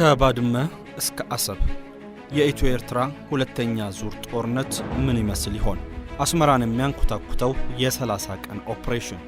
ከባድመ እስከ አሰብ የኢትዮ ኤርትራ ሁለተኛ ዙር ጦርነት ምን ይመስል ይሆን? አስመራን የሚያንኩታኩተው የ30 ቀን ኦፕሬሽን።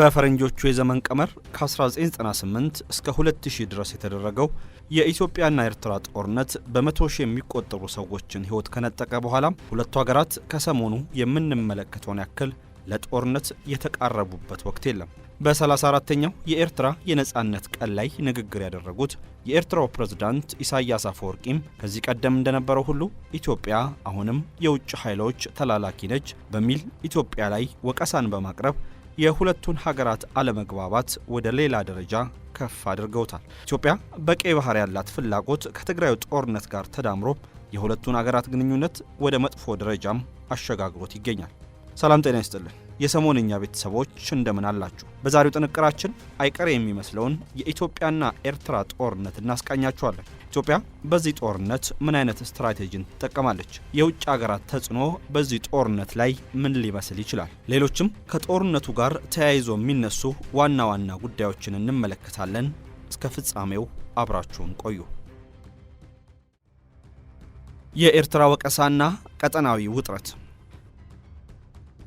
በፈረንጆቹ የዘመን ቀመር ከ1998 እስከ 2000 ድረስ የተደረገው የኢትዮጵያና ኤርትራ ጦርነት በመቶ ሺህ የሚቆጠሩ ሰዎችን ሕይወት ከነጠቀ በኋላም ሁለቱ ሀገራት ከሰሞኑ የምንመለከተውን ያክል ለጦርነት የተቃረቡበት ወቅት የለም። በ34ተኛው የኤርትራ የነጻነት ቀን ላይ ንግግር ያደረጉት የኤርትራው ፕሬዝዳንት ኢሳያስ አፈወርቂም ከዚህ ቀደም እንደነበረው ሁሉ ኢትዮጵያ አሁንም የውጭ ኃይሎች ተላላኪ ነች በሚል ኢትዮጵያ ላይ ወቀሳን በማቅረብ የሁለቱን ሀገራት አለመግባባት ወደ ሌላ ደረጃ ከፍ አድርገውታል። ኢትዮጵያ በቀይ ባህር ያላት ፍላጎት ከትግራዩ ጦርነት ጋር ተዳምሮ የሁለቱን አገራት ግንኙነት ወደ መጥፎ ደረጃም አሸጋግሮት ይገኛል። ሰላም ጤና ይስጥልን። የሰሞንኛ ቤተሰቦች እንደምን አላችሁ? በዛሬው ጥንቅራችን አይቀሬ የሚመስለውን የኢትዮጵያና ኤርትራ ጦርነት እናስቃኛችኋለን። ኢትዮጵያ በዚህ ጦርነት ምን አይነት ስትራቴጂን ትጠቀማለች? የውጭ ሀገራት ተጽዕኖ በዚህ ጦርነት ላይ ምን ሊመስል ይችላል? ሌሎችም ከጦርነቱ ጋር ተያይዞ የሚነሱ ዋና ዋና ጉዳዮችን እንመለከታለን። እስከ ፍጻሜው አብራችሁን ቆዩ። የኤርትራ ወቀሳና ቀጠናዊ ውጥረት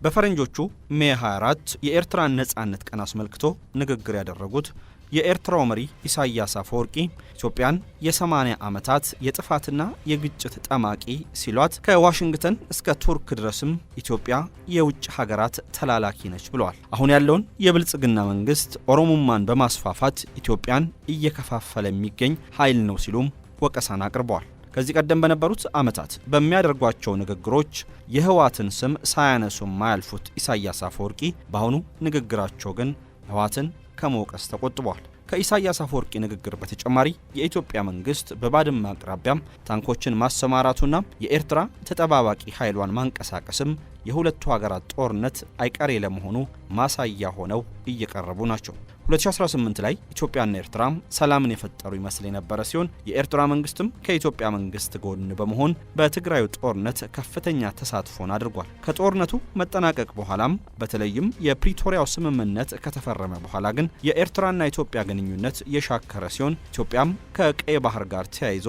በፈረንጆቹ ሜ 24 የኤርትራን ነጻነት ቀን አስመልክቶ ንግግር ያደረጉት የኤርትራው መሪ ኢሳያስ አፈወርቂ ኢትዮጵያን የ80 ዓመታት የጥፋትና የግጭት ጠማቂ ሲሏት ከዋሽንግተን እስከ ቱርክ ድረስም ኢትዮጵያ የውጭ ሀገራት ተላላኪ ነች ብለዋል። አሁን ያለውን የብልጽግና መንግስት ኦሮሞማን በማስፋፋት ኢትዮጵያን እየከፋፈለ የሚገኝ ኃይል ነው ሲሉም ወቀሳን አቅርበዋል። ከዚህ ቀደም በነበሩት ዓመታት በሚያደርጓቸው ንግግሮች የህወሓትን ስም ሳያነሱም ማያልፉት ኢሳያስ አፈወርቂ በአሁኑ ንግግራቸው ግን ህወሓትን ከመውቀስ ተቆጥበዋል። ከኢሳያስ አፈወርቂ ንግግር በተጨማሪ የኢትዮጵያ መንግስት በባድመ አቅራቢያም ታንኮችን ማሰማራቱና የኤርትራ ተጠባባቂ ኃይሏን ማንቀሳቀስም የሁለቱ ሀገራት ጦርነት አይቀሬ ለመሆኑ ማሳያ ሆነው እየቀረቡ ናቸው። 2018 ላይ ኢትዮጵያና ኤርትራ ሰላምን የፈጠሩ ይመስል የነበረ ሲሆን የኤርትራ መንግስትም ከኢትዮጵያ መንግስት ጎን በመሆን በትግራዩ ጦርነት ከፍተኛ ተሳትፎን አድርጓል። ከጦርነቱ መጠናቀቅ በኋላም በተለይም የፕሪቶሪያው ስምምነት ከተፈረመ በኋላ ግን የኤርትራና ኢትዮጵያ ግንኙነት የሻከረ ሲሆን ኢትዮጵያም ከቀይ ባህር ጋር ተያይዞ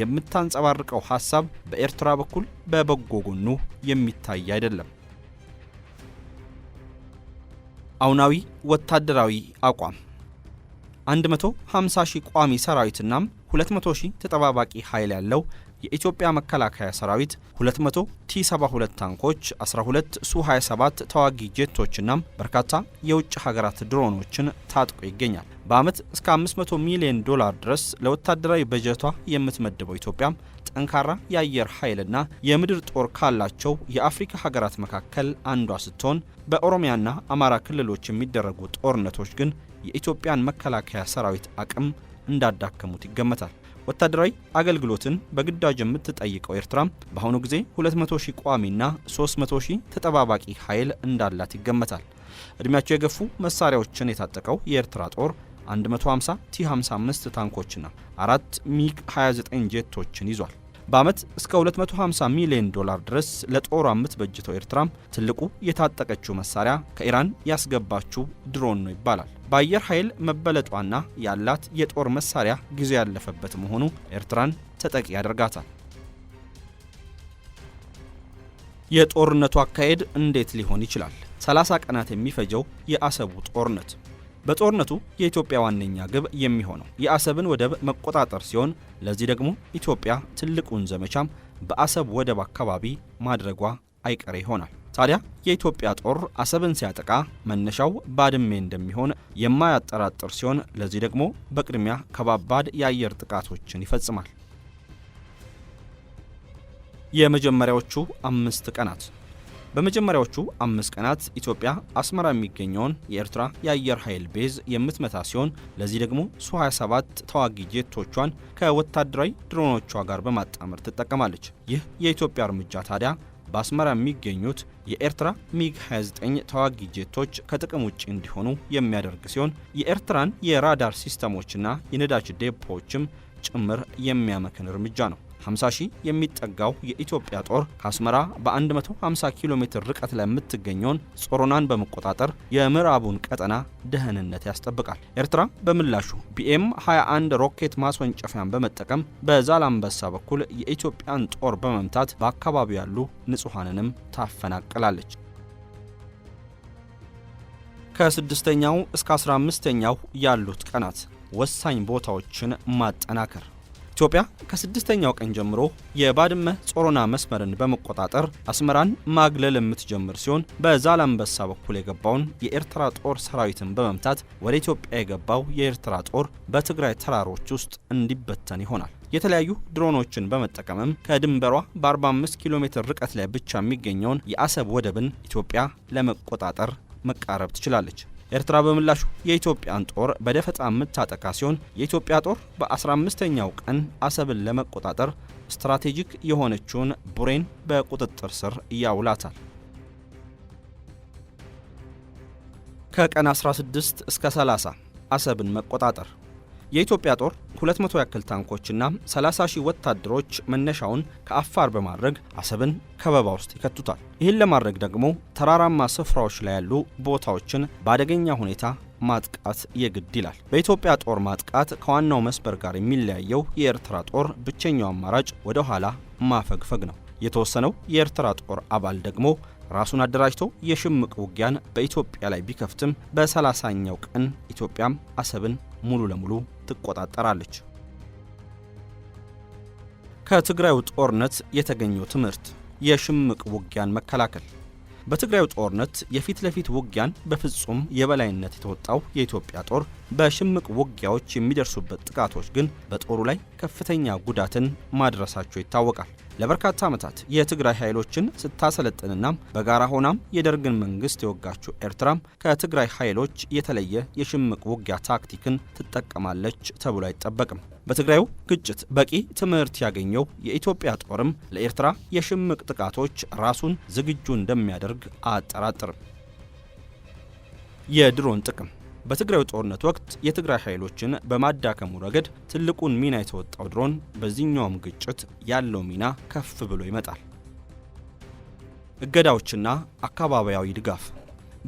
የምታንጸባርቀው ሀሳብ በኤርትራ በኩል በበጎ ጎኑ የሚታይ አይደለም። አውናዊ ወታደራዊ አቋም 150 ሺህ ቋሚ ሰራዊትና 200 ሺህ ተጠባባቂ ኃይል ያለው የኢትዮጵያ መከላከያ ሰራዊት 200 ቲ72 ታንኮች፣ 12 ሱ27 ተዋጊ ጄቶችና በርካታ የውጭ ሀገራት ድሮኖችን ታጥቆ ይገኛል። በዓመት እስከ 500 ሚሊዮን ዶላር ድረስ ለወታደራዊ በጀቷ የምትመድበው ኢትዮጵያ ጠንካራ የአየር ኃይልና የምድር ጦር ካላቸው የአፍሪካ ሀገራት መካከል አንዷ ስትሆን በኦሮሚያና አማራ ክልሎች የሚደረጉ ጦርነቶች ግን የኢትዮጵያን መከላከያ ሰራዊት አቅም እንዳዳከሙት ይገመታል። ወታደራዊ አገልግሎትን በግዳጅ የምትጠይቀው ኤርትራ በአሁኑ ጊዜ 200 ሺህ ቋሚና 300 ሺህ ተጠባባቂ ኃይል እንዳላት ይገመታል። እድሜያቸው የገፉ መሳሪያዎችን የታጠቀው የኤርትራ ጦር 150 ቲ55 ታንኮችና አራት ሚግ 29 ጄቶችን ይዟል። በዓመት እስከ 250 ሚሊዮን ዶላር ድረስ ለጦሯ የምትበጅተው ኤርትራም ትልቁ የታጠቀችው መሳሪያ ከኢራን ያስገባችው ድሮን ነው ይባላል። በአየር ኃይል መበለጧና ያላት የጦር መሳሪያ ጊዜ ያለፈበት መሆኑ ኤርትራን ተጠቂ ያደርጋታል። የጦርነቱ አካሄድ እንዴት ሊሆን ይችላል? 30 ቀናት የሚፈጀው የአሰቡ ጦርነት በጦርነቱ የኢትዮጵያ ዋነኛ ግብ የሚሆነው የአሰብን ወደብ መቆጣጠር ሲሆን ለዚህ ደግሞ ኢትዮጵያ ትልቁን ዘመቻም በአሰብ ወደብ አካባቢ ማድረጓ አይቀሬ ይሆናል። ታዲያ የኢትዮጵያ ጦር አሰብን ሲያጠቃ መነሻው ባድሜ እንደሚሆን የማያጠራጥር ሲሆን ለዚህ ደግሞ በቅድሚያ ከባባድ የአየር ጥቃቶችን ይፈጽማል። የመጀመሪያዎቹ አምስት ቀናት በመጀመሪያዎቹ አምስት ቀናት ኢትዮጵያ አስመራ የሚገኘውን የኤርትራ የአየር ኃይል ቤዝ የምትመታ ሲሆን ለዚህ ደግሞ ሱ 27 ተዋጊ ጄቶቿን ከወታደራዊ ድሮኖቿ ጋር በማጣመር ትጠቀማለች። ይህ የኢትዮጵያ እርምጃ ታዲያ በአስመራ የሚገኙት የኤርትራ ሚግ 29 ተዋጊ ጄቶች ከጥቅም ውጭ እንዲሆኑ የሚያደርግ ሲሆን የኤርትራን የራዳር ሲስተሞችና የነዳጅ ዴፖዎችም ጭምር የሚያመክን እርምጃ ነው። 50 ሺህ የሚጠጋው የኢትዮጵያ ጦር ከአስመራ በ150 ኪሎ ሜትር ርቀት ላይ የምትገኘውን ጾሮናን በመቆጣጠር የምዕራቡን ቀጠና ደህንነት ያስጠብቃል። ኤርትራ በምላሹ ቢኤም 21 ሮኬት ማስወንጨፊያን በመጠቀም በዛላምበሳ በኩል የኢትዮጵያን ጦር በመምታት በአካባቢው ያሉ ንጹሐንንም ታፈናቅላለች። ከስድስተኛው እስከ 15ኛው ያሉት ቀናት ወሳኝ ቦታዎችን ማጠናከር ኢትዮጵያ ከስድስተኛው ቀን ጀምሮ የባድመ ጾሮና መስመርን በመቆጣጠር አስመራን ማግለል የምትጀምር ሲሆን በዛላንበሳ በኩል የገባውን የኤርትራ ጦር ሰራዊትን በመምታት ወደ ኢትዮጵያ የገባው የኤርትራ ጦር በትግራይ ተራሮች ውስጥ እንዲበተን ይሆናል። የተለያዩ ድሮኖችን በመጠቀምም ከድንበሯ በ45 ኪሎ ሜትር ርቀት ላይ ብቻ የሚገኘውን የአሰብ ወደብን ኢትዮጵያ ለመቆጣጠር መቃረብ ትችላለች። ኤርትራ በምላሹ የኢትዮጵያን ጦር በደፈጣ የምታጠቃ ሲሆን የኢትዮጵያ ጦር በ15ኛው ቀን አሰብን ለመቆጣጠር ስትራቴጂክ የሆነችውን ቡሬን በቁጥጥር ስር ያውላታል። ከቀን 16 እስከ 30 አሰብን መቆጣጠር የኢትዮጵያ ጦር 200 ያክል ታንኮችና 30 ሺህ ወታደሮች መነሻውን ከአፋር በማድረግ አሰብን ከበባ ውስጥ ይከቱታል። ይህን ለማድረግ ደግሞ ተራራማ ስፍራዎች ላይ ያሉ ቦታዎችን በአደገኛ ሁኔታ ማጥቃት የግድ ይላል። በኢትዮጵያ ጦር ማጥቃት ከዋናው መስበር ጋር የሚለያየው የኤርትራ ጦር ብቸኛው አማራጭ ወደ ኋላ ማፈግፈግ ነው። የተወሰነው የኤርትራ ጦር አባል ደግሞ ራሱን አደራጅቶ የሽምቅ ውጊያን በኢትዮጵያ ላይ ቢከፍትም በሰላሳኛው ቀን ኢትዮጵያም አሰብን ሙሉ ለሙሉ ትቆጣጠራለች። ከትግራዩ ጦርነት የተገኘው ትምህርት የሽምቅ ውጊያን መከላከል። በትግራዩ ጦርነት የፊት ለፊት ውጊያን በፍጹም የበላይነት የተወጣው የኢትዮጵያ ጦር በሽምቅ ውጊያዎች የሚደርሱበት ጥቃቶች ግን በጦሩ ላይ ከፍተኛ ጉዳትን ማድረሳቸው ይታወቃል። ለበርካታ ዓመታት የትግራይ ኃይሎችን ስታሰለጥንና በጋራ ሆናም የደርግን መንግስት የወጋችው ኤርትራም ከትግራይ ኃይሎች የተለየ የሽምቅ ውጊያ ታክቲክን ትጠቀማለች ተብሎ አይጠበቅም። በትግራዩ ግጭት በቂ ትምህርት ያገኘው የኢትዮጵያ ጦርም ለኤርትራ የሽምቅ ጥቃቶች ራሱን ዝግጁ እንደሚያደርግ አያጠራጥርም። የድሮን ጥቅም በትግራዩ ጦርነት ወቅት የትግራይ ኃይሎችን በማዳከሙ ረገድ ትልቁን ሚና የተወጣው ድሮን በዚህኛውም ግጭት ያለው ሚና ከፍ ብሎ ይመጣል። እገዳዎችና አካባቢያዊ ድጋፍ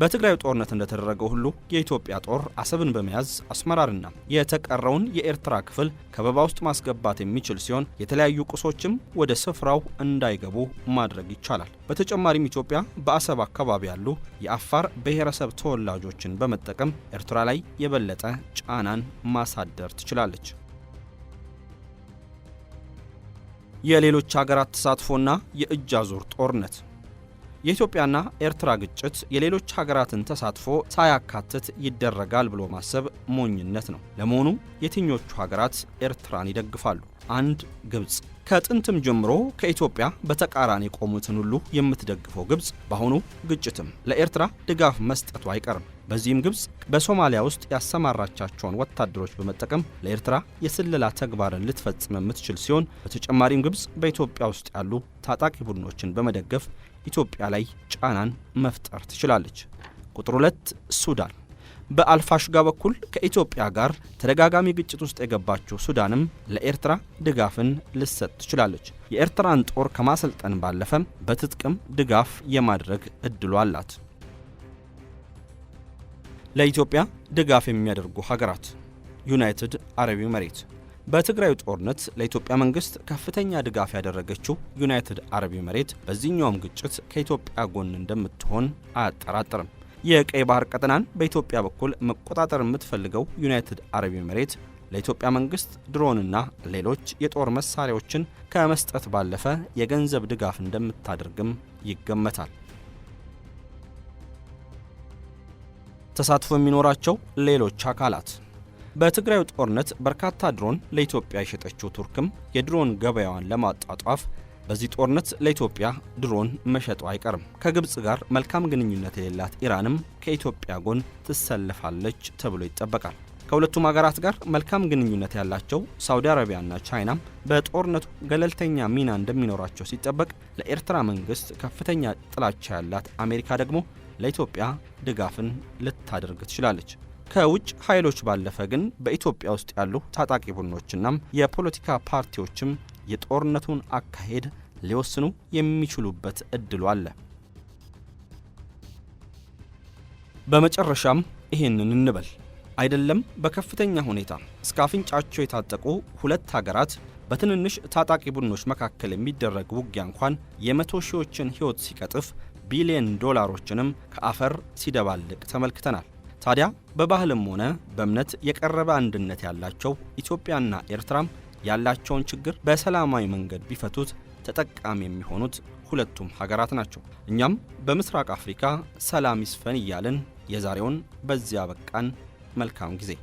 በትግራይ ጦርነት እንደተደረገው ሁሉ የኢትዮጵያ ጦር አሰብን በመያዝ አስመራርና የተቀረውን የኤርትራ ክፍል ከበባ ውስጥ ማስገባት የሚችል ሲሆን የተለያዩ ቁሶችም ወደ ስፍራው እንዳይገቡ ማድረግ ይቻላል። በተጨማሪም ኢትዮጵያ በአሰብ አካባቢ ያሉ የአፋር ብሔረሰብ ተወላጆችን በመጠቀም ኤርትራ ላይ የበለጠ ጫናን ማሳደር ትችላለች። የሌሎች ሀገራት ተሳትፎና የእጅ አዙር ጦርነት የኢትዮጵያና ኤርትራ ግጭት የሌሎች ሀገራትን ተሳትፎ ሳያካትት ይደረጋል ብሎ ማሰብ ሞኝነት ነው። ለመሆኑ የትኞቹ ሀገራት ኤርትራን ይደግፋሉ? አንድ ግብፅ። ከጥንትም ጀምሮ ከኢትዮጵያ በተቃራኒ የቆሙትን ሁሉ የምትደግፈው ግብፅ በአሁኑ ግጭትም ለኤርትራ ድጋፍ መስጠቱ አይቀርም። በዚህም ግብፅ በሶማሊያ ውስጥ ያሰማራቻቸውን ወታደሮች በመጠቀም ለኤርትራ የስለላ ተግባርን ልትፈጽም የምትችል ሲሆን በተጨማሪም ግብፅ በኢትዮጵያ ውስጥ ያሉ ታጣቂ ቡድኖችን በመደገፍ ኢትዮጵያ ላይ ጫናን መፍጠር ትችላለች። ቁጥር ሁለት ሱዳን በአልፋሽጋ በኩል ከኢትዮጵያ ጋር ተደጋጋሚ ግጭት ውስጥ የገባችው ሱዳንም ለኤርትራ ድጋፍን ልሰጥ ትችላለች። የኤርትራን ጦር ከማሰልጠን ባለፈ በትጥቅም ድጋፍ የማድረግ እድሉ አላት። ለኢትዮጵያ ድጋፍ የሚያደርጉ ሀገራት ዩናይትድ አረብ መሬት። በትግራዩ ጦርነት ለኢትዮጵያ መንግስት ከፍተኛ ድጋፍ ያደረገችው ዩናይትድ አረብ ኤምሬት በዚህኛውም ግጭት ከኢትዮጵያ ጎን እንደምትሆን አያጠራጥርም። የቀይ ባህር ቀጠናን በኢትዮጵያ በኩል መቆጣጠር የምትፈልገው ዩናይትድ አረብ ኤምሬት ለኢትዮጵያ መንግስት ድሮንና ሌሎች የጦር መሳሪያዎችን ከመስጠት ባለፈ የገንዘብ ድጋፍ እንደምታደርግም ይገመታል። ተሳትፎ የሚኖራቸው ሌሎች አካላት በትግራዩ ጦርነት በርካታ ድሮን ለኢትዮጵያ የሸጠችው ቱርክም የድሮን ገበያዋን ለማጣጣፍ በዚህ ጦርነት ለኢትዮጵያ ድሮን መሸጡ አይቀርም። ከግብፅ ጋር መልካም ግንኙነት የሌላት ኢራንም ከኢትዮጵያ ጎን ትሰልፋለች ተብሎ ይጠበቃል። ከሁለቱም ሀገራት ጋር መልካም ግንኙነት ያላቸው ሳውዲ አረቢያና ቻይናም በጦርነቱ ገለልተኛ ሚና እንደሚኖራቸው ሲጠበቅ፣ ለኤርትራ መንግስት ከፍተኛ ጥላቻ ያላት አሜሪካ ደግሞ ለኢትዮጵያ ድጋፍን ልታደርግ ትችላለች። ከውጭ ኃይሎች ባለፈ ግን በኢትዮጵያ ውስጥ ያሉ ታጣቂ ቡድኖችና የፖለቲካ ፓርቲዎችም የጦርነቱን አካሄድ ሊወስኑ የሚችሉበት እድሉ አለ። በመጨረሻም ይህንን እንበል አይደለም በከፍተኛ ሁኔታ እስከ አፍንጫቸው የታጠቁ ሁለት ሀገራት በትንንሽ ታጣቂ ቡድኖች መካከል የሚደረግ ውጊያ እንኳን የመቶ ሺዎችን ሕይወት ሲቀጥፍ ቢሊየን ዶላሮችንም ከአፈር ሲደባልቅ ተመልክተናል። ታዲያ በባህልም ሆነ በእምነት የቀረበ አንድነት ያላቸው ኢትዮጵያና ኤርትራም ያላቸውን ችግር በሰላማዊ መንገድ ቢፈቱት ተጠቃሚ የሚሆኑት ሁለቱም ሀገራት ናቸው። እኛም በምስራቅ አፍሪካ ሰላም ይስፈን እያልን የዛሬውን በዚያ በቃን። መልካም ጊዜ